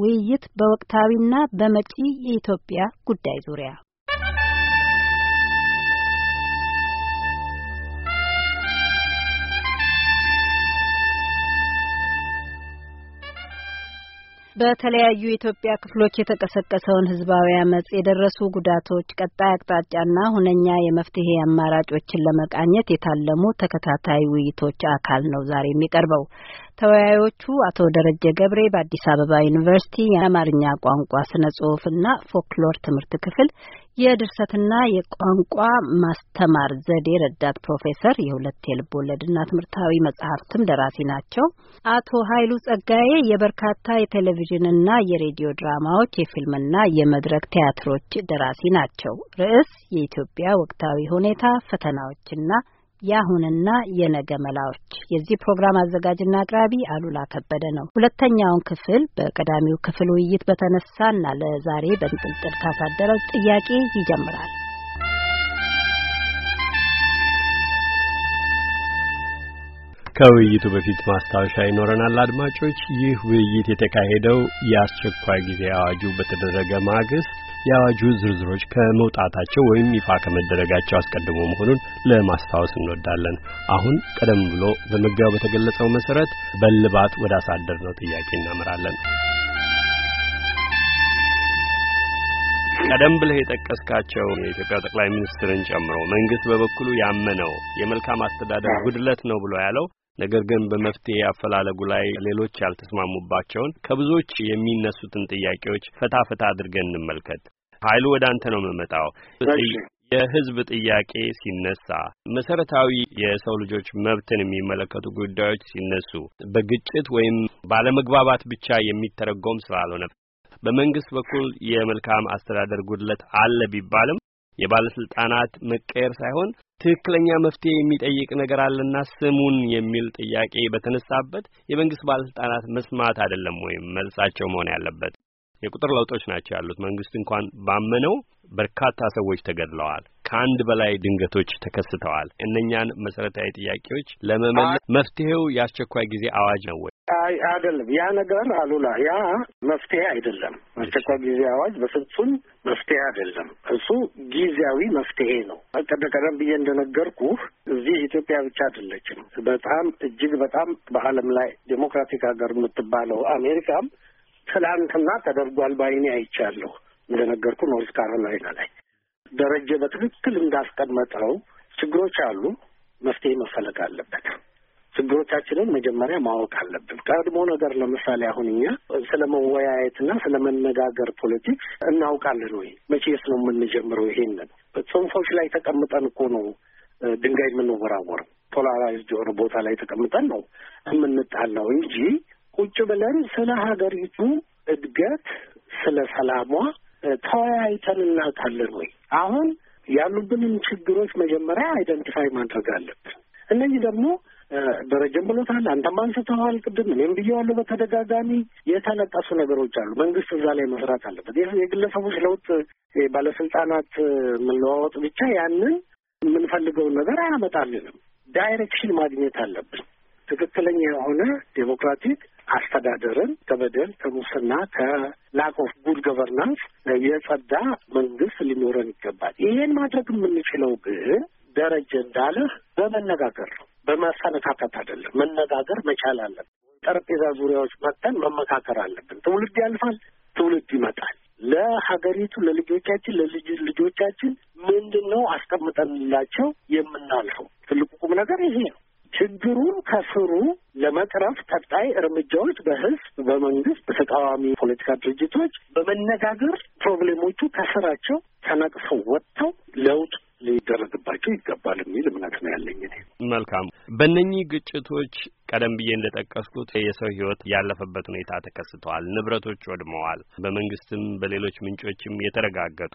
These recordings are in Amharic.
ውይይት በወቅታዊና በመጪ የኢትዮጵያ ጉዳይ ዙሪያ በተለያዩ የኢትዮጵያ ክፍሎች የተቀሰቀሰውን ህዝባዊ አመጽ የደረሱ ጉዳቶች፣ ቀጣይ አቅጣጫና ሁነኛ የመፍትሄ አማራጮችን ለመቃኘት የታለሙ ተከታታይ ውይይቶች አካል ነው ዛሬ የሚቀርበው። ተወያዮቹ አቶ ደረጀ ገብሬ በአዲስ አበባ ዩኒቨርሲቲ የአማርኛ ቋንቋ ስነ ጽሁፍና ፎክሎር ትምህርት ክፍል የድርሰትና የቋንቋ ማስተማር ዘዴ ረዳት ፕሮፌሰር፣ የሁለት የልብ ወለድና ትምህርታዊ መጽሐፍትም ደራሲ ናቸው። አቶ ኃይሉ ጸጋዬ የበርካታ የቴሌቪዥንና የሬዲዮ ድራማዎች የፊልምና የመድረክ ቲያትሮች ደራሲ ናቸው። ርዕስ የኢትዮጵያ ወቅታዊ ሁኔታ ፈተናዎችና የአሁንና የነገ መላዎች። የዚህ ፕሮግራም አዘጋጅና አቅራቢ አሉላ ከበደ ነው። ሁለተኛውን ክፍል በቀዳሚው ክፍል ውይይት በተነሳና ለዛሬ በንጥልጥል ካሳደረው ጥያቄ ይጀምራል። ከውይይቱ በፊት ማስታወሻ ይኖረናል። አድማጮች ይህ ውይይት የተካሄደው የአስቸኳይ ጊዜ አዋጁ በተደረገ ማግስት የአዋጁ ዝርዝሮች ከመውጣታቸው ወይም ይፋ ከመደረጋቸው አስቀድሞ መሆኑን ለማስታወስ እንወዳለን። አሁን ቀደም ብሎ በመግቢያው በተገለጸው መሰረት በልባት ወደ አሳደር ነው ጥያቄ እናመራለን። ቀደም ብለህ የጠቀስካቸው የኢትዮጵያ ጠቅላይ ሚኒስትርን ጨምሮ መንግስት በበኩሉ ያመነው የመልካም አስተዳደር ጉድለት ነው ብሎ ያለው ነገር ግን በመፍትሄ አፈላለጉ ላይ ሌሎች ያልተስማሙባቸውን ከብዙዎች የሚነሱትን ጥያቄዎች ፈታ ፈታ አድርገን እንመልከት። ኃይሉ ወደ አንተ ነው የምመጣው። የህዝብ ጥያቄ ሲነሳ መሰረታዊ የሰው ልጆች መብትን የሚመለከቱ ጉዳዮች ሲነሱ በግጭት ወይም ባለመግባባት ብቻ የሚተረጎም ስላልሆነ በመንግስት በኩል የመልካም አስተዳደር ጉድለት አለ ቢባልም የባለስልጣናት መቀየር ሳይሆን ትክክለኛ መፍትሄ የሚጠይቅ ነገር አለና ስሙን የሚል ጥያቄ በተነሳበት የመንግስት ባለስልጣናት መስማት አይደለም ወይም መልሳቸው መሆን ያለበት። የቁጥር ለውጦች ናቸው ያሉት። መንግስት እንኳን ባመነው በርካታ ሰዎች ተገድለዋል። ከአንድ በላይ ድንገቶች ተከስተዋል። እነኛን መሰረታዊ ጥያቄዎች ለመመለስ መፍትሄው የአስቸኳይ ጊዜ አዋጅ ነው ወይ? አይ አይደለም። ያ ነገር አሉላ፣ ያ መፍትሄ አይደለም። አስቸኳይ ጊዜ አዋጅ በፍጹም መፍትሄ አይደለም። እሱ ጊዜያዊ መፍትሄ ነው። ቀደቀደም ብዬ እንደነገርኩ እዚህ ኢትዮጵያ ብቻ አይደለችም። በጣም እጅግ በጣም በዓለም ላይ ዴሞክራቲክ ሀገር የምትባለው አሜሪካም ትላንትና ተደርጓል ባይኔ አይቻለሁ። እንደነገርኩ ኖርዝ ካሮላይና ላይ ደረጀ በትክክል እንዳስቀመጠው ችግሮች አሉ፣ መፍትሄ መፈለግ አለበት። ችግሮቻችንን መጀመሪያ ማወቅ አለብን። ቀድሞ ነገር ለምሳሌ አሁን እኛ ስለ መወያየትና ስለ መነጋገር ፖለቲክስ እናውቃለን ወይ? መቼስ ነው የምንጀምረው? ይሄንን ጽንፎች ላይ ተቀምጠን እኮ ነው ድንጋይ የምንወራወር። ፖላራይዝድ የሆነ ቦታ ላይ ተቀምጠን ነው የምንጣላው እንጂ ቁጭ ብለን ስለ ሀገሪቱ እድገት ስለ ሰላሟ ተወያይተን እናውቃለን ወይ? አሁን ያሉብንን ችግሮች መጀመሪያ አይደንቲፋይ ማድረግ አለብን። እነዚህ ደግሞ ደረጀም ብሎታል፣ አንተም አንስተዋል ቅድም፣ እኔም ብየዋለሁ። በተደጋጋሚ የተለቀሱ ነገሮች አሉ። መንግስት እዛ ላይ መስራት አለበት። የግለሰቦች ለውጥ፣ ባለስልጣናት መለዋወጥ ብቻ ያንን የምንፈልገውን ነገር አያመጣልንም። ዳይሬክሽን ማግኘት አለብን። ትክክለኛ የሆነ ዴሞክራቲክ አስተዳደርን ከበደል፣ ከሙስና፣ ከላክ ኦፍ ጉድ ገቨርናንስ የጸዳ መንግስት ሊኖረን ይገባል። ይሄን ማድረግ የምንችለው ግን ደረጀ እንዳለህ በመነጋገር ነው፣ በማሰነካከት አይደለም። መነጋገር መቻል አለብን። ጠረጴዛ ዙሪያዎች መጥተን መመካከር አለብን። ትውልድ ያልፋል፣ ትውልድ ይመጣል። ለሀገሪቱ ለልጆቻችን ለልጅ ልጆቻችን ምንድን ነው አስቀምጠንላቸው የምናልፈው? ትልቁ ቁም ነገር ይሄ ነው። ችግሩን ከስሩ ለመቅረፍ ቀጣይ እርምጃዎች በህዝብ፣ በመንግስት፣ በተቃዋሚ ፖለቲካ ድርጅቶች በመነጋገር ፕሮብሌሞቹ ከስራቸው ተነቅፈው ወጥተው ለውጥ ሊደረግባቸው ይገባል የሚል እምነት ነው ያለኝ። መልካም። በእነኚህ ግጭቶች ቀደም ብዬ እንደጠቀስኩት የሰው ህይወት ያለፈበት ሁኔታ ተከስተዋል። ንብረቶች ወድመዋል። በመንግስትም በሌሎች ምንጮችም የተረጋገጡ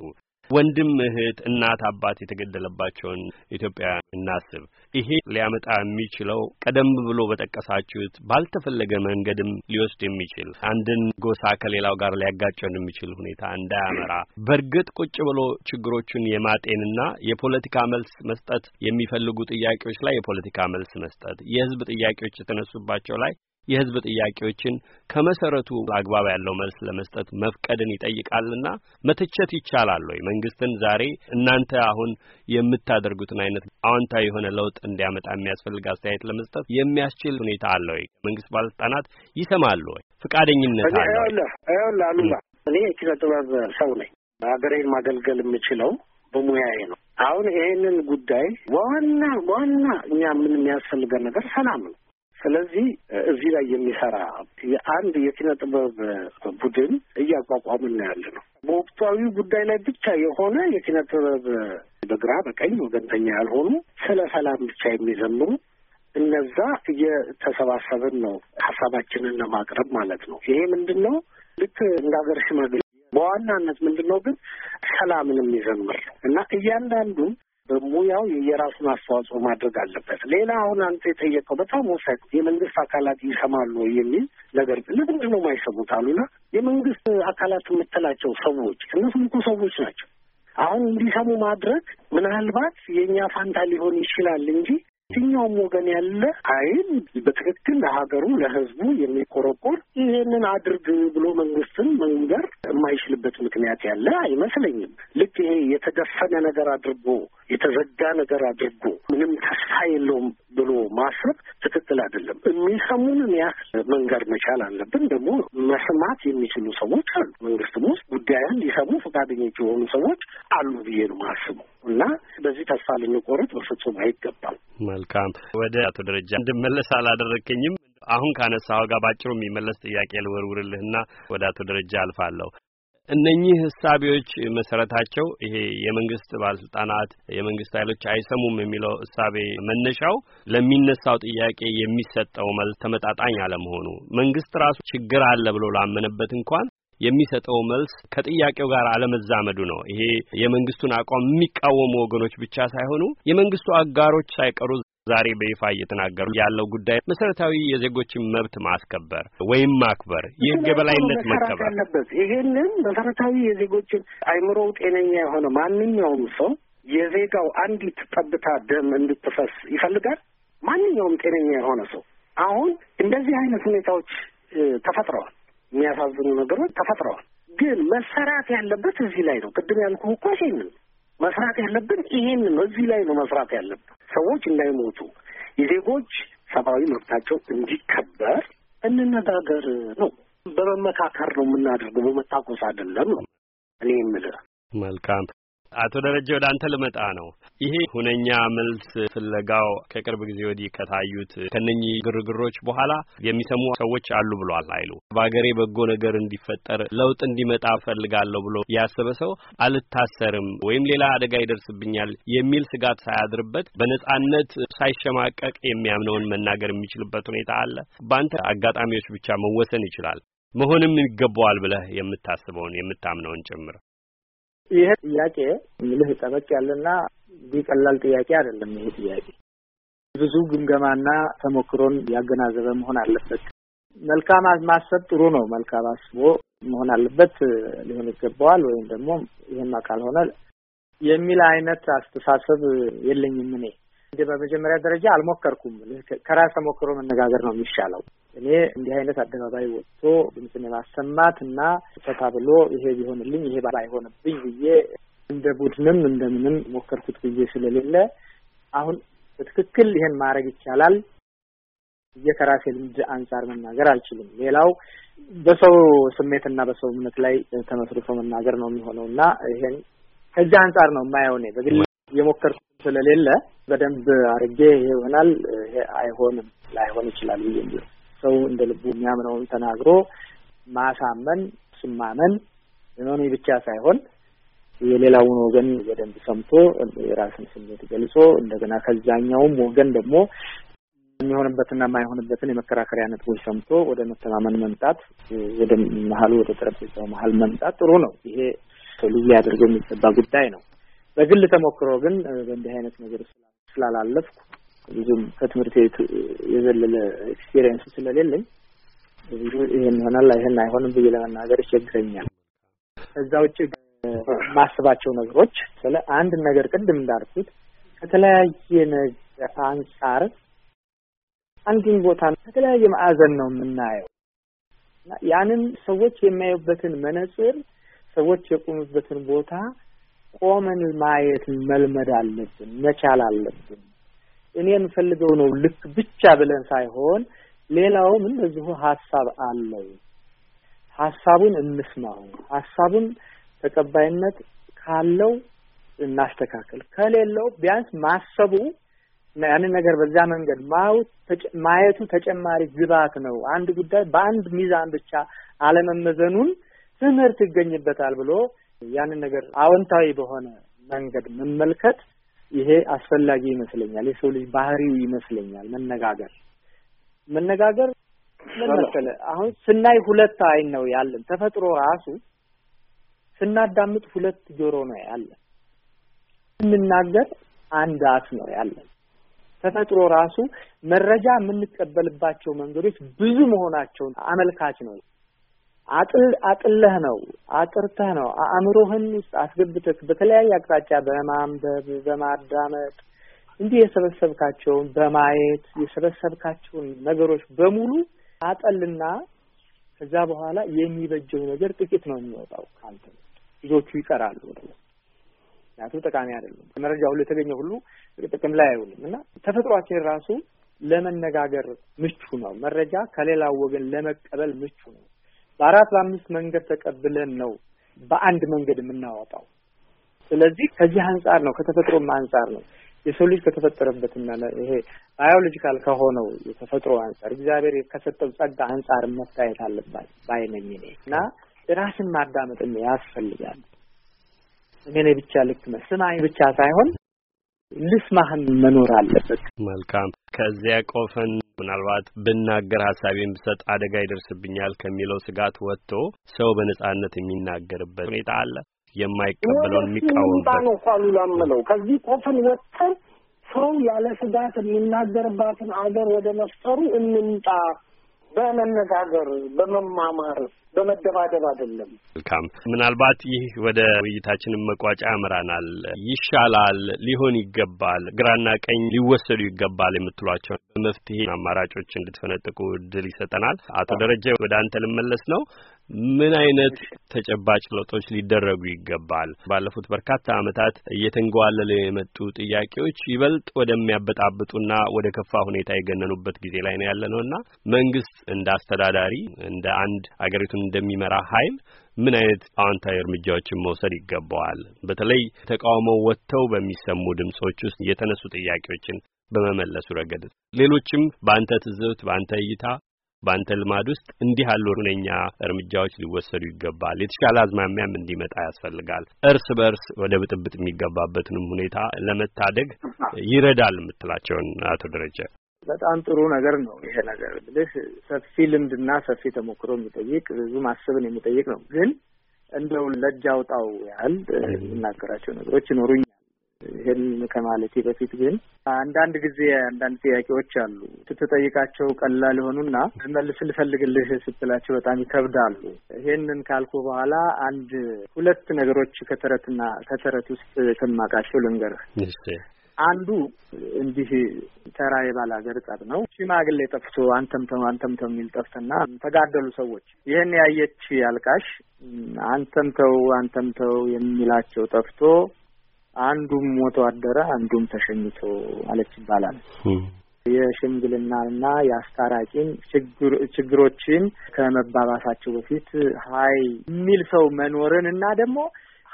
ወንድም፣ እህት፣ እናት፣ አባት የተገደለባቸውን ኢትዮጵያውያን እናስብ። ይሄ ሊያመጣ የሚችለው ቀደም ብሎ በጠቀሳችሁት ባልተፈለገ መንገድም ሊወስድ የሚችል አንድን ጎሳ ከሌላው ጋር ሊያጋጨን የሚችል ሁኔታ እንዳያመራ በእርግጥ ቁጭ ብሎ ችግሮቹን የማጤንና የፖለቲካ መልስ መስጠት የሚፈልጉ ጥያቄዎች ላይ የፖለቲካ መልስ መስጠት፣ የህዝብ ጥያቄዎች የተነሱባቸው ላይ የህዝብ ጥያቄዎችን ከመሰረቱ አግባብ ያለው መልስ ለመስጠት መፍቀድን ይጠይቃልና መተቸት ይቻላል ወይ? መንግስትን ዛሬ እናንተ አሁን የምታደርጉትን አይነት አዎንታዊ የሆነ ለውጥ እንዲያመጣ የሚያስፈልግ አስተያየት ለመስጠት የሚያስችል ሁኔታ አለ ወይ? መንግስት ባለስልጣናት ይሰማሉ ወይ? ፍቃደኝነት አለ አሉላ? እኔ የኪነ ጥበብ ሰው ነኝ። ሀገሬን ማገልገል የምችለው በሙያዬ ነው። አሁን ይሄንን ጉዳይ ዋና ዋና እኛ ምን የሚያስፈልገን ነገር ሰላም ነው። ስለዚህ እዚህ ላይ የሚሰራ የአንድ የኪነ ጥበብ ቡድን እያቋቋምን ያለ ነው። በወቅታዊ ጉዳይ ላይ ብቻ የሆነ የኪነ ጥበብ በግራ በቀኝ ወገንተኛ ያልሆኑ ስለ ሰላም ብቻ የሚዘምሩ እነዛ እየተሰባሰብን ነው ሀሳባችንን ለማቅረብ ማለት ነው። ይሄ ምንድን ነው? ልክ እንደ ሀገር ሽማግሌ በዋናነት ምንድን ነው ግን ሰላምን የሚዘምር እና እያንዳንዱ በሙያው የየራሱን አስተዋጽኦ ማድረግ አለበት። ሌላ አሁን አንተ የጠየቀው በጣም ወሳኝ የመንግስት አካላት ይሰማሉ የሚል ነገር ለምንድን ነው የማይሰሙት አሉና የመንግስት አካላት የምትላቸው ሰዎች እነሱም እኮ ሰዎች ናቸው። አሁን እንዲሰሙ ማድረግ ምናልባት የእኛ ፋንታ ሊሆን ይችላል እንጂ የትኛውም ወገን ያለ ኃይል በትክክል ለሀገሩ ለሕዝቡ የሚቆረቆር ይሄንን አድርግ ብሎ መንግስትን መንገር የማይችልበት ምክንያት ያለ አይመስለኝም። ልክ ይሄ የተደፈነ ነገር አድርጎ የተዘጋ ነገር አድርጎ ምንም ተስፋ የለውም ብሎ ማስረብ ትክክል አይደለም። የሚሰሙንን ያህል መንገር መቻል አለብን። ደግሞ መስማት የሚችሉ ሰዎች አሉ። መንግስትም ውስጥ ጉዳያን ሊሰሙ ፈቃደኞች የሆኑ ሰዎች አሉ ብዬ ነው የማስበው እና በዚህ ተስፋ ልንቆርጥ በፍጹም አይገባም። መልካም። ወደ አቶ ደረጃ እንድመለስ አላደረግከኝም። አሁን ካነሳኸው ጋር ባጭሩ የሚመለስ ጥያቄ ልወርውርልህና ወደ አቶ ደረጃ አልፋለሁ። እነኚህ እሳቤዎች መሰረታቸው ይሄ የመንግስት ባለስልጣናት የመንግስት ኃይሎች አይሰሙም የሚለው እሳቤ መነሻው ለሚነሳው ጥያቄ የሚሰጠው መልስ ተመጣጣኝ አለመሆኑ መንግስት ራሱ ችግር አለ ብሎ ላመነበት እንኳን የሚሰጠው መልስ ከጥያቄው ጋር አለመዛመዱ ነው። ይሄ የመንግስቱን አቋም የሚቃወሙ ወገኖች ብቻ ሳይሆኑ የመንግስቱ አጋሮች ሳይቀሩ ዛሬ በይፋ እየተናገሩ ያለው ጉዳይ መሰረታዊ የዜጎችን መብት ማስከበር ወይም ማክበር፣ የህግ የበላይነት መከበር አለበት። ይሄንን መሰረታዊ የዜጎችን አይምሮው ጤነኛ የሆነ ማንኛውም ሰው የዜጋው አንዲት ጠብታ ደም እንድትፈስ ይፈልጋል። ማንኛውም ጤነኛ የሆነ ሰው አሁን እንደዚህ አይነት ሁኔታዎች ተፈጥረዋል። የሚያሳዝኑ ነገሮች ተፈጥረዋል። ግን መሰራት ያለበት እዚህ ላይ ነው። ቅድም ያልኩ እኮ ይሄንን መስራት ያለብን ይሄንን ነው። እዚህ ላይ ነው መስራት ያለብን። ሰዎች እንዳይሞቱ፣ የዜጎች ሰብአዊ መብታቸው እንዲከበር እንነጋገር ነው። በመመካከር ነው የምናደርገው፣ በመታኮስ አይደለም ነው እኔ የምልህ። መልካም አቶ ደረጀ ወደ አንተ ልመጣ ነው። ይሄ ሁነኛ መልስ ፍለጋው ከቅርብ ጊዜ ወዲህ ከታዩት ከነኚህ ግርግሮች በኋላ የሚሰሙ ሰዎች አሉ ብሏል አይሉ በሀገሬ በጎ ነገር እንዲፈጠር ለውጥ እንዲመጣ ፈልጋለሁ ብሎ ያሰበ ሰው አልታሰርም ወይም ሌላ አደጋ ይደርስብኛል የሚል ስጋት ሳያድርበት በነጻነት ሳይሸማቀቅ የሚያምነውን መናገር የሚችልበት ሁኔታ አለ። በአንተ አጋጣሚዎች ብቻ መወሰን ይችላል መሆንም ይገባዋል ብለህ የምታስበውን የምታምነውን ጭምር ይሄ ጥያቄ ምልህ ጠበቅ ያለና ቀላል ጥያቄ አይደለም። ይሄ ጥያቄ ብዙ ግምገማና ተሞክሮን ያገናዘበ መሆን አለበት። መልካም ማሰብ ጥሩ ነው። መልካም አስቦ መሆን አለበት ሊሆን ይገባዋል። ወይም ደግሞ አካል ሆነ የሚል አይነት አስተሳሰብ የለኝም እኔ እንደ በመጀመሪያ ደረጃ አልሞከርኩም። ከራስ ተሞክሮ መነጋገር ነው የሚሻለው። እኔ እንዲህ አይነት አደባባይ ወጥቶ ድምፅን የማሰማት እና ፈታ ብሎ ይሄ ቢሆንልኝ ይሄ ባይሆንብኝ ብዬ እንደ ቡድንም እንደምንም ሞከርኩት ብዬ ስለሌለ አሁን በትክክል ይሄን ማድረግ ይቻላል ብዬ ከራሴ ልምድ አንጻር መናገር አልችልም። ሌላው በሰው ስሜትና በሰው እምነት ላይ ተመስርቶ መናገር ነው የሚሆነው እና ይሄን ከዚህ አንጻር ነው የማየው። እኔ በግል የሞከርኩት ስለሌለ በደንብ አድርጌ ይሄ ይሆናል፣ ይሄ አይሆንም፣ ላይሆን ይችላል ብዬ ሰው እንደ ልቡ የሚያምነውን ተናግሮ ማሳመን ስማመን መኔ ብቻ ሳይሆን የሌላውን ወገን በደንብ ሰምቶ የራስን ስሜት ገልጾ እንደገና ከዛኛውም ወገን ደግሞ የሚሆንበትና የማይሆንበትን የመከራከሪያ ነጥቦች ሰምቶ ወደ መተማመን መምጣት ወደ መሀሉ ወደ ጠረጴዛው መሀል መምጣት ጥሩ ነው። ይሄ ልዩ ያደርገው የሚገባ ጉዳይ ነው። በግል ተሞክሮ ግን በእንዲህ አይነት ነገር ስላላለፍኩ ብዙም ከትምህርት ቤቱ የዘለለ ኤክስፔሪየንስ ስለሌለኝ ይህን ይሆናል ይህን አይሆንም ብዬ ለመናገር ይቸግረኛል። እዛ ውጭ ማስባቸው ነገሮች ስለ አንድ ነገር ቅድም እንዳልኩት ከተለያየ ነገር አንጻር አንድን ቦታ ከተለያየ ማዕዘን ነው የምናየው ያንን ሰዎች የሚያዩበትን መነጽር ሰዎች የቆሙበትን ቦታ ቆመን ማየት መልመድ አለብን፣ መቻል አለብን። እኔ የምፈልገው ነው ልክ ብቻ ብለን ሳይሆን ሌላውም እንደዚሁ ሀሳብ አለው። ሀሳቡን እንስማው። ሀሳቡን ተቀባይነት ካለው እናስተካከል፣ ከሌለው ቢያንስ ማሰቡ ያንን ነገር በዛ መንገድ ማየቱ ተጨማሪ ግብዓት ነው። አንድ ጉዳይ በአንድ ሚዛን ብቻ አለመመዘኑን ትምህርት ይገኝበታል ብሎ ያንን ነገር አዎንታዊ በሆነ መንገድ መመልከት ይሄ አስፈላጊ ይመስለኛል። የሰው ልጅ ባህሪው ይመስለኛል። መነጋገር መነጋገር ምን አሁን ስናይ ሁለት አይን ነው ያለን። ተፈጥሮ ራሱ ስናዳምጥ ሁለት ጆሮ ነው ያለን። ስንናገር አንድ አፍ ነው ያለን። ተፈጥሮ ራሱ መረጃ የምንቀበልባቸው መንገዶች ብዙ መሆናቸውን አመልካች ነው። አጥል አጥለህ ነው አጥርተህ ነው አእምሮህን ውስጥ አስገብተህ በተለያየ አቅጣጫ በማንበብ በማዳመጥ እንዲህ የሰበሰብካቸውን በማየት የሰበሰብካቸውን ነገሮች በሙሉ አጠልና ከዛ በኋላ የሚበጀው ነገር ጥቂት ነው የሚወጣው ከአንተ። ልጆቹ ይቀራሉ ወደ ምክንያቱም ጠቃሚ አይደሉም። መረጃ ሁሉ የተገኘ ሁሉ ጥቅም ላይ አይውልም እና ተፈጥሯችን ራሱ ለመነጋገር ምቹ ነው። መረጃ ከሌላው ወገን ለመቀበል ምቹ ነው። በአራት በአምስት መንገድ ተቀብለን ነው በአንድ መንገድ የምናወጣው። ስለዚህ ከዚህ አንጻር ነው ከተፈጥሮም አንጻር ነው የሰው ልጅ ከተፈጠረበትና ይሄ ባዮሎጂካል ከሆነው የተፈጥሮ አንጻር እግዚአብሔር ከሰጠው ጸጋ አንጻር መታየት አለባት ባይነኝ እኔ እና ራስን ማዳመጥ ያስፈልጋል። እኔ ብቻ ልክ መስማኝ ብቻ ሳይሆን ልስማህን መኖር አለበት። መልካም። ከዚያ ቆፈን ምናልባት ብናገር ሀሳቤን ብሰጥ አደጋ ይደርስብኛል ከሚለው ስጋት ወጥቶ ሰው በነጻነት የሚናገርበት ሁኔታ አለ። የማይቀበለውን የሚቃወምበት ነው አሉላ ከዚህ ቆፍን ወጥተን ሰው ያለ ስጋት የሚናገርባትን አገር ወደ መፍጠሩ እንምጣ። በመነጋገር በመማማር በመደባደብ አይደለም። መልካም። ምናልባት ይህ ወደ ውይይታችን መቋጫ ያመራናል። ይሻላል፣ ሊሆን ይገባል፣ ግራና ቀኝ ሊወሰዱ ይገባል የምትሏቸው መፍትሄ አማራጮች እንድትፈነጥቁ እድል ይሰጠናል። አቶ ደረጀ ወደ አንተ ልመለስ ነው። ምን አይነት ተጨባጭ ለውጦች ሊደረጉ ይገባል? ባለፉት በርካታ ዓመታት እየተንገዋለለ የመጡ ጥያቄዎች ይበልጥ ወደሚያበጣብጡና ወደ ከፋ ሁኔታ የገነኑበት ጊዜ ላይ ነው ያለ እና መንግስት እንደ አስተዳዳሪ እንደ አንድ አገሪቱን እንደሚመራ ኃይል ምን አይነት አዎንታዊ እርምጃዎችን መውሰድ ይገባዋል? በተለይ ተቃውሞ ወጥተው በሚሰሙ ድምጾች ውስጥ የተነሱ ጥያቄዎችን በመመለሱ ረገድ ሌሎችም በአንተ ትዝብት፣ በአንተ እይታ፣ በአንተ ልማድ ውስጥ እንዲህ ያሉ ሁነኛ እርምጃዎች ሊወሰዱ ይገባል፣ የተሻለ አዝማሚያም እንዲመጣ ያስፈልጋል፣ እርስ በርስ ወደ ብጥብጥ የሚገባበትንም ሁኔታ ለመታደግ ይረዳል የምትላቸውን አቶ ደረጀ በጣም ጥሩ ነገር ነው ይሄ ነገር እንግዲህ ሰፊ ልምድና ሰፊ ተሞክሮ የሚጠይቅ ብዙ ማሰብን የሚጠይቅ ነው። ግን እንደው ለጃውጣው ያህል የምናገራቸው ነገሮች ይኖሩኛል። ይህን ከማለቴ በፊት ግን አንዳንድ ጊዜ አንዳንድ ጥያቄዎች አሉ ስትጠይቃቸው ቀላል የሆኑና መልስ ልፈልግልህ ስትላቸው በጣም ይከብዳሉ። ይሄንን ካልኩ በኋላ አንድ ሁለት ነገሮች ከተረትና ከተረት ውስጥ ከማውቃቸው ልንገርህ። አንዱ እንዲህ ተራ የባል ሀገር ጠብ ነው። ሽማግሌ ጠፍቶ አንተምተው አንተምተው የሚል ጠፍትና ተጋደሉ ሰዎች። ይህን ያየች አልቃሽ አንተምተው አንተምተው የሚላቸው ጠፍቶ አንዱም ሞቶ አደረ፣ አንዱም ተሸኝቶ አለች ይባላል። የሽምግልናና የአስታራቂን ችግሮችን ከመባባሳቸው በፊት ሀይ የሚል ሰው መኖርን እና ደግሞ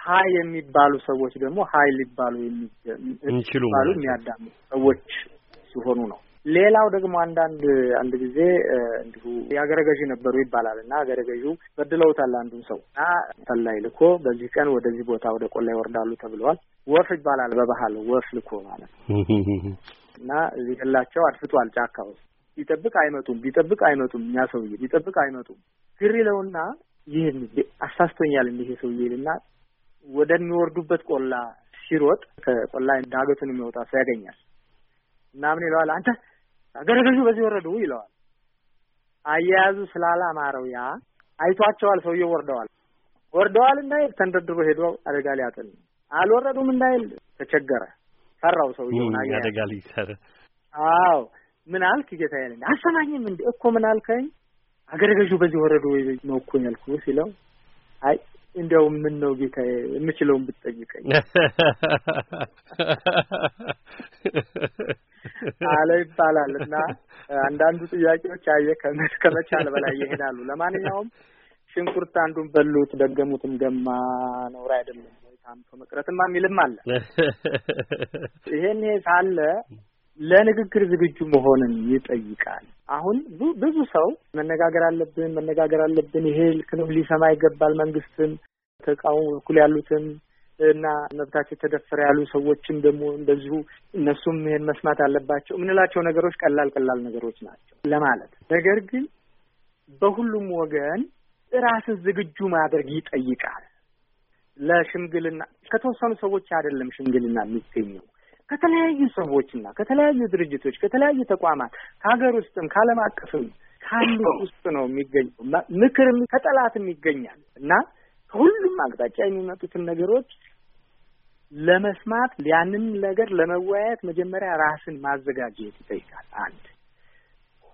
ሀይ የሚባሉ ሰዎች ደግሞ ሀይ ሊባሉ የሚችሉ የሚያዳሙ ሰዎች ሲሆኑ ነው። ሌላው ደግሞ አንዳንድ አንድ ጊዜ እንዲሁ የአገረ ገዢ ነበሩ ይባላል እና አገረ ገዢ በድለውታል አንዱን ሰው እና ሰላይ ልኮ በዚህ ቀን ወደዚህ ቦታ ወደ ቆላ ይወርዳሉ ተብለዋል። ወፍ ይባላል በባህል ወፍ ልኮ ማለት ነው እና እዚህ ገላቸው አድፍጧል ጫካ ውስጥ ቢጠብቅ አይመጡም፣ ቢጠብቅ አይመጡም፣ እኛ ሰውዬ ቢጠብቅ አይመጡም። ግር ይለውና ይህ አሳስቶኛል እንዲህ ሰውዬ ልና ወደሚወርዱበት ቆላ ሲሮጥ ከቆላ ዳገቱን የሚወጣ ሰው ያገኛል እና ምን ይለዋል? አንተ አገረ ገረገሹ በዚህ ወረዱ ይለዋል። አያያዙ ስላላማረው ያ አይቷቸዋል። ሰውየው ወርደዋል ወርደዋል እንዳይል ተንደድሮ ሄዶ አደጋ ሊያጥል አልወረዱም እንዳይል ተቸገረ፣ ፈራው ሰውየውን አደጋ ሊቀር። አዎ ምን አልክ ጌታ ያለኝ አሰማኝም እንዲ እኮ ምን አልከኝ? አገረ ገዡ በዚህ ወረዱ ወይ ነው እኮ ያልኩ ሲለው አይ እንዲያው ምን ነው ጌታ የምችለውን ብትጠይቀኝ አለ ይባላል እና አንዳንዱ ጥያቄዎች አየ ከመቻል በላይ ይሄዳሉ። ለማንኛውም ሽንኩርት አንዱን በሉት ደገሙትም ገማ ነውር አይደለም ወይ ታምቶ መቅረትማ የሚልም አለ። ይሄን ይሄ ሳለ ለንግግር ዝግጁ መሆንን ይጠይቃል። አሁን ብዙ ሰው መነጋገር አለብን መነጋገር አለብን፣ ይሄ ልክ ነው፣ ሊሰማ ይገባል መንግስትም፣ ተቃውሞ በኩል ያሉትም እና መብታቸው የተደፈረ ያሉ ሰዎችም ደግሞ እንደዚሁ እነሱም ይሄን መስማት አለባቸው የምንላቸው ነገሮች ቀላል ቀላል ነገሮች ናቸው ለማለት ነገር ግን በሁሉም ወገን ራስን ዝግጁ ማድረግ ይጠይቃል። ለሽምግልና ከተወሰኑ ሰዎች አይደለም ሽምግልና የሚገኘው ከተለያዩ ሰዎችና ከተለያዩ ድርጅቶች ከተለያዩ ተቋማት ከሀገር ውስጥም ከዓለም አቀፍም ካሉ ውስጥ ነው የሚገኘው። ምክርም ከጠላትም ይገኛል እና ከሁሉም አቅጣጫ የሚመጡትን ነገሮች ለመስማት ያንን ነገር ለመወያየት መጀመሪያ ራስን ማዘጋጀት ይጠይቃል። አንድ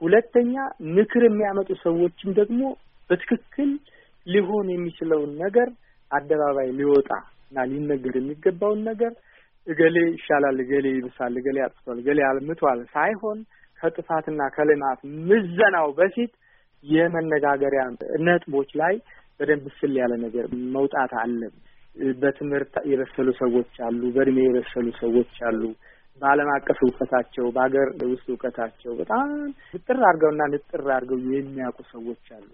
ሁለተኛ ምክር የሚያመጡ ሰዎችም ደግሞ በትክክል ሊሆን የሚችለውን ነገር አደባባይ ሊወጣ እና ሊነገር የሚገባውን ነገር እገሌ ይሻላል፣ እገሌ ይብሳል፣ እገሌ አጥፍቷል፣ እገሌ ያልምቷል ሳይሆን ከጥፋትና ከልማት ምዘናው በፊት የመነጋገሪያ ነጥቦች ላይ በደንብ ስል ያለ ነገር መውጣት አለም። በትምህርት የበሰሉ ሰዎች አሉ። በእድሜ የበሰሉ ሰዎች አሉ። በዓለም አቀፍ እውቀታቸው በሀገር ውስጥ እውቀታቸው በጣም ንጥር አድርገውና ንጥር አድርገው የሚያውቁ ሰዎች አሉ።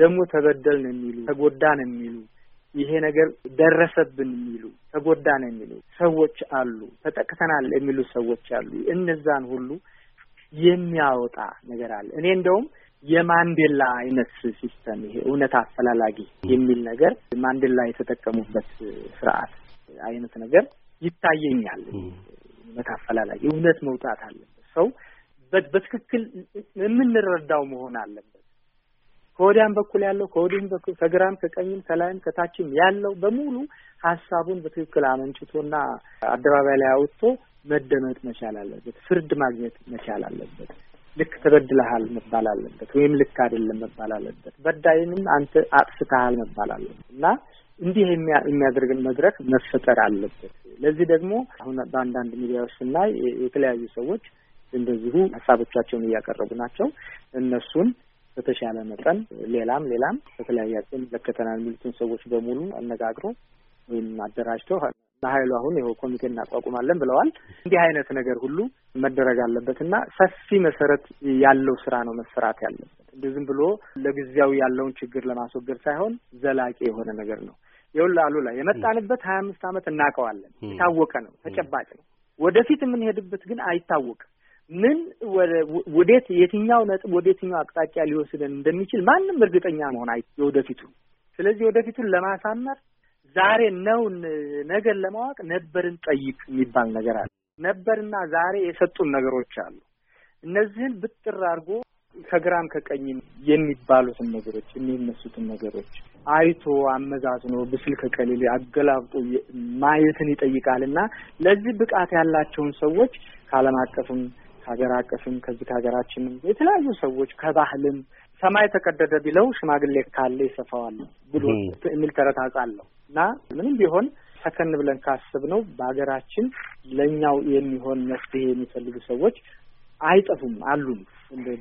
ደግሞ ተበደልን የሚሉ ተጎዳን የሚሉ ይሄ ነገር ደረሰብን የሚሉ ተጎዳን የሚሉ ሰዎች አሉ፣ ተጠቅተናል የሚሉ ሰዎች አሉ። እነዛን ሁሉ የሚያወጣ ነገር አለ። እኔ እንደውም የማንዴላ አይነት ሲስተም ይሄ እውነት አፈላላጊ የሚል ነገር ማንዴላ የተጠቀሙበት ስርዓት አይነት ነገር ይታየኛል። እውነት አፈላላጊ እውነት መውጣት አለበት። ሰው በትክክል የምንረዳው መሆን አለበት። ከወዲያም በኩል ያለው ከወዲህም በኩል ከግራም ከቀኝም ከላይም ከታችም ያለው በሙሉ ሀሳቡን በትክክል አመንጭቶና አደባባይ ላይ አውጥቶ መደመጥ መቻል አለበት። ፍርድ ማግኘት መቻል አለበት። ልክ ተበድለሃል መባል አለበት፣ ወይም ልክ አይደለም መባል አለበት። በዳይንም አንተ አጥፍተሃል መባል አለበት እና እንዲህ የሚያደርግ መድረክ መፈጠር አለበት። ለዚህ ደግሞ አሁን በአንዳንድ ሚዲያዎች ስናይ የተለያዩ ሰዎች እንደዚሁ ሀሳቦቻቸውን እያቀረቡ ናቸው። እነሱን በተሻለ መጠን ሌላም ሌላም በተለያየ ይመለከተናል የሚሉትን ሰዎች በሙሉ አነጋግሮ ወይም አደራጅቶ ለሀይሉ አሁን ይኸው ኮሚቴ እናቋቁማለን ብለዋል። እንዲህ አይነት ነገር ሁሉ መደረግ አለበት እና ሰፊ መሰረት ያለው ስራ ነው መሰራት ያለበት። እንዲህ ዝም ብሎ ለጊዜያዊ ያለውን ችግር ለማስወገድ ሳይሆን ዘላቂ የሆነ ነገር ነው። ይኸውልህ አሉላ የመጣንበት ሀያ አምስት ዓመት እናውቀዋለን። የታወቀ ነው፣ ተጨባጭ ነው። ወደፊት የምንሄድበት ግን አይታወቅም። ምን ወዴት የትኛው ነጥብ ወደ የትኛው አቅጣጫ ሊወስደን እንደሚችል ማንም እርግጠኛ መሆን አይ የወደፊቱ ስለዚህ ወደፊቱን ለማሳመር ዛሬ ነውን ነገር ለማወቅ ነበርን ጠይቅ የሚባል ነገር አለ። ነበርና ዛሬ የሰጡን ነገሮች አሉ። እነዚህን ብጥር አድርጎ ከግራም ከቀኝ የሚባሉትን ነገሮች የሚነሱትን ነገሮች አይቶ አመዛዝኖ ብስል ከቀሊል አገላብጦ ማየትን ይጠይቃል እና ለዚህ ብቃት ያላቸውን ሰዎች ከዓለም አቀፍም ከሀገር አቀፍም ከዚህ ከሀገራችንም የተለያዩ ሰዎች ከባህልም ሰማይ ተቀደደ ቢለው ሽማግሌ ካለ ይሰፋዋል ብሎ የሚል ተረት አውቃለሁ እና ምንም ቢሆን ሰከን ብለን ካሰብነው በሀገራችን ለእኛው የሚሆን መፍትሄ የሚፈልጉ ሰዎች አይጠፉም፣ አሉም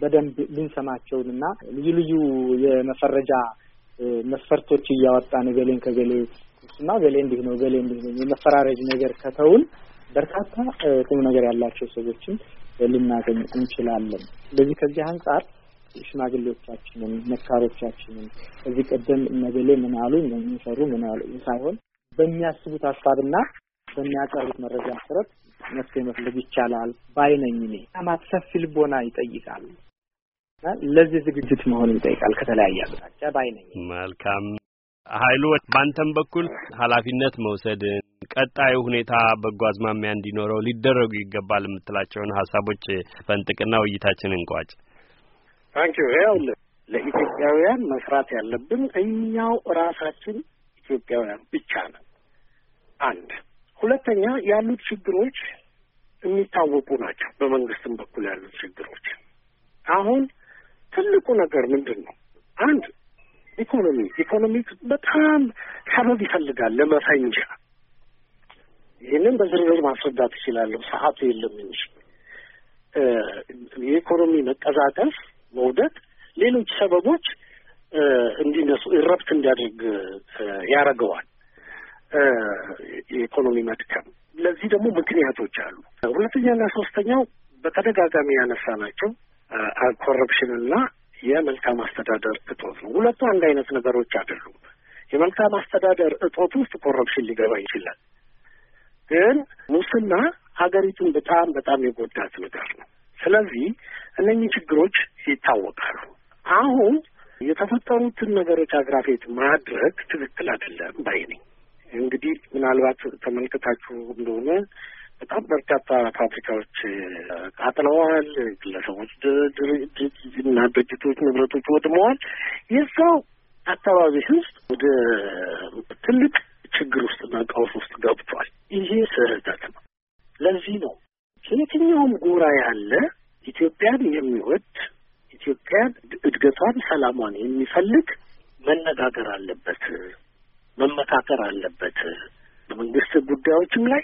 በደንብ ልንሰማቸውን እና ልዩ ልዩ የመፈረጃ መስፈርቶች እያወጣን ገሌን ከገሌ እና ገሌ እንዲህ ነው ገሌ እንዲህ ነው የመፈራረጅ ነገር ከተውን በርካታ ቁም ነገር ያላቸው ሰዎችም ልናገኝ እንችላለን። ስለዚህ ከዚህ አንጻር ሽማግሌዎቻችንን፣ መካሮቻችንን እዚህ ቀደም እነገሌ ምን አሉ የሚሰሩ ምን አሉ ሳይሆን በሚያስቡት ሀሳብና በሚያቀርቡት መረጃ መሰረት መፍትሄ መፈለግ ይቻላል ባይነኝ እኔ ማት ሰፊ ልቦና ይጠይቃል። ለዚህ ዝግጅት መሆን ይጠይቃል ከተለያየ አቅጣጫ ባይነኝ። መልካም ሀይሉ በአንተም በኩል ኃላፊነት መውሰድን ቀጣዩ ሁኔታ በጎ አዝማሚያ እንዲኖረው ሊደረጉ ይገባል የምትላቸውን ሀሳቦች ፈንጥቅና ውይይታችን እንቋጭ። ታንኪ ይኸውልህ ለኢትዮጵያውያን መስራት ያለብን እኛው ራሳችን ኢትዮጵያውያን ብቻ ነው። አንድ ሁለተኛ፣ ያሉት ችግሮች የሚታወቁ ናቸው። በመንግስትም በኩል ያሉት ችግሮች አሁን ትልቁ ነገር ምንድን ነው? አንድ ኢኮኖሚ ኢኮኖሚ በጣም ሰበብ ይፈልጋል ለመፈንጃ ይህንን በዝርዝር ማስረዳት እችላለሁ። ሰዓቱ የለም እንጂ የኢኮኖሚ መቀዛቀዝ፣ መውደቅ፣ ሌሎች ሰበቦች እንዲነሱ ረብት እንዲያደርግ ያደርገዋል። የኢኮኖሚ መድከም ለዚህ ደግሞ ምክንያቶች አሉ። ሁለተኛና ሶስተኛው በተደጋጋሚ ያነሳናቸው ኮረፕሽንና የመልካም አስተዳደር እጦት ነው። ሁለቱ አንድ አይነት ነገሮች አይደሉም። የመልካም አስተዳደር እጦት ውስጥ ኮረፕሽን ሊገባ ይችላል። ግን ሙስና ሀገሪቱን በጣም በጣም የጎዳት ነገር ነው። ስለዚህ እነኚህ ችግሮች ይታወቃሉ። አሁን የተፈጠሩትን ነገሮች አግራፌት ማድረግ ትክክል አይደለም ባይ ነኝ። እንግዲህ ምናልባት ተመልከታችሁ እንደሆነ በጣም በርካታ ፋብሪካዎች ቃጥለዋል። ግለሰቦች እና ድርጅቶች ንብረቶች ወድመዋል። የዛው አካባቢ ህዝብ ወደ ትልቅ ችግር ውስጥና ቀውስ ውስጥ ገብቷል። ይሄ ስህተት ነው። ለዚህ ነው ከየትኛውም ጎራ ያለ ኢትዮጵያን የሚወድ ኢትዮጵያን እድገቷን፣ ሰላሟን የሚፈልግ መነጋገር አለበት፣ መመካከር አለበት። በመንግስት ጉዳዮችም ላይ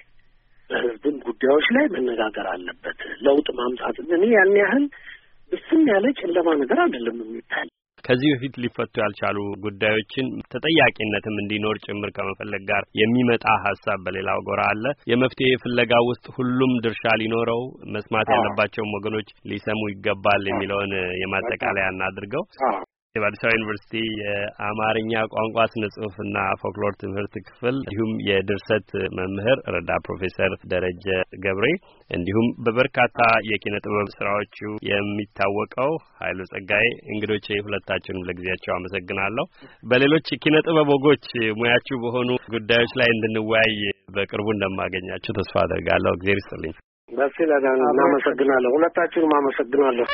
በህዝብም ጉዳዮች ላይ መነጋገር አለበት። ለውጥ ማምጣት እኔ ያን ያህል ብስም ያለ ጨለማ ነገር አይደለም የሚታይ ከዚህ በፊት ሊፈቱ ያልቻሉ ጉዳዮችን ተጠያቂነትም እንዲኖር ጭምር ከመፈለግ ጋር የሚመጣ ሀሳብ በሌላው ጎራ አለ። የመፍትሄ ፍለጋ ውስጥ ሁሉም ድርሻ ሊኖረው መስማት ያለባቸውም ወገኖች ሊሰሙ ይገባል የሚለውን የማጠቃለያ እናድርገው። የአዲስ አበባ ዩኒቨርሲቲ የአማርኛ ቋንቋ ስነ ጽሁፍና ፎክሎር ትምህርት ክፍል እንዲሁም የድርሰት መምህር ረዳ ፕሮፌሰር ደረጀ ገብሬ እንዲሁም በበርካታ የኪነ ጥበብ ስራዎቹ የሚታወቀው ኃይሉ ጸጋዬ እንግዶቼ ሁለታችሁንም ለጊዜያቸው አመሰግናለሁ። በሌሎች ኪነ ጥበብ ወጎች ሙያችሁ በሆኑ ጉዳዮች ላይ እንድንወያይ በቅርቡ እንደማገኛችሁ ተስፋ አደርጋለሁ። እግዜር ይስጥልኝ። በስለዳ እናመሰግናለሁ። ሁለታችሁንም አመሰግናለሁ።